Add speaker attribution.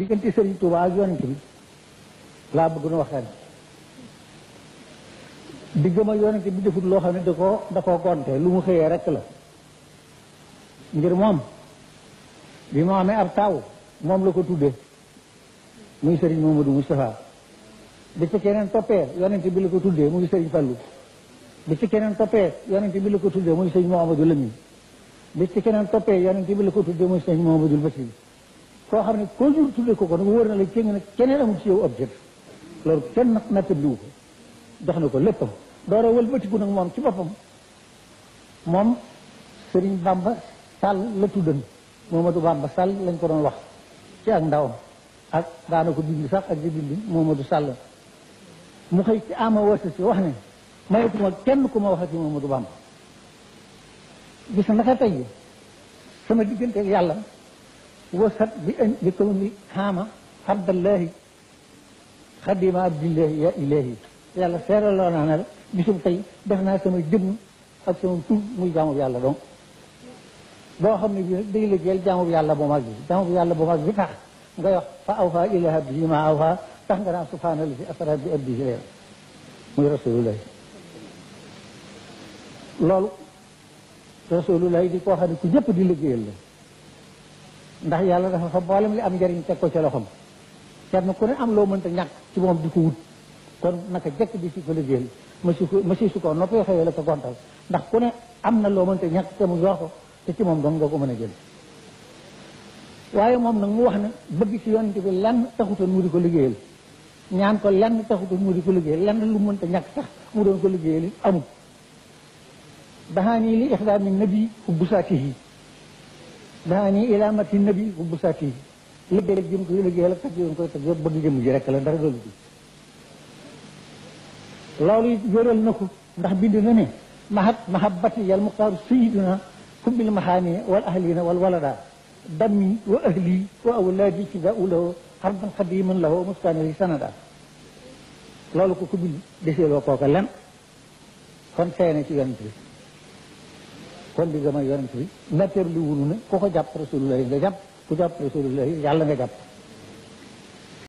Speaker 1: diggante Serigne Touba ak yonent bi laa bëgg nu waxtaan digg ma yonent bi defut loo xam ne da koo da koo gonte lu mu xëyee rekk la ngir moom bi mu amee ab taw moom la ko tuddee muy Serigne mu Moustapha bi ci keneen tope yonent bi la ko tuddee muy Serigne Fallou bi ci keneen toppee yonent bi la ko tuddee muy Serigne Mouhamadou Lamine bi ci keneen toppee yonent bi la ko tuddee muy Serigne Mouhamadou Bassirou koo xam ne ko jur tudde ko ko nag wóor na la cëng nag keneen amul si yow objet loolu kenn nag natt liwu ko jox na ko léppam door a wëlbatiku nag moom ci boppam moom Sëriñ Bamba Sall la tuddan Momadou Bamba Sall lañ ko doon wax ci ak ndawam ak daana ko bind sax ak di bind Momadou Sall mu xëy ci si wax ne mayetuma kenn ku ma waxati Momadou Bamba gis naka tey sama digganteeg yàlla وصل لكون حامة عبد الله xaddim abdillahi ya ilahi yàlla seeraloo naa ne bisum tey def naa sama jëmm ak sama tur muy jaamu yàlla donc boo xam ne bii day liggéeyal jaamu yàlla bu mag bi jaamu yàlla bu mag bi tax nga wax fa awfa ila abdihi ma awfa tax nga naan subhaana allazi asra bi abdihi leen muy rasulullahi loolu rasulullahi di koo xam ne ku ñëpp di liggéeyal la ndax yàlla dafa fa boolem li am njëriñ teg ko ci loxoom kenn ku ne am loo mënta ñàkk ci moom di ko wut kon naka jekk di si ko liggéeyal monsieur monsieur su ko noppee xëyee la ko gontal ndax ku ne am na loo mënta ñàkk te mu jox ko te ci moom dong nga ko mën a jël waaye moom nag mu wax ne bëgg ci yonent bi lan taxutoon mu di ko liggéeyal ñaan ko lenn taxutoon mu di ko liggéeyal lenn lu mënta ñàkk sax mu doon ko liggéeyal amul daxaa nii li ixdaam min nabi hubbu saatihi daa ni ilaamati nabi bu busaati liggéey rek jëm koy liggéeyal ak tag yoon koy la dara loolu ji loolu it wéral na ko ndax bind na ne mahat mahabbati yal muxtaaru sayiduna hubbil mahaani wal ahlina wal walada dammi wa ahli wa awlaadi ci da ulawo xarban xadiman lawo muskaani sanada loolu ko ku bind deseeloo kooka len kon seene ci yonent bi kon di gëm a yonent bi natteer li wunu ne ku ko jàpp rasulullahi nga jàpp ku jàpp rasulullahi yàlla nga jàpp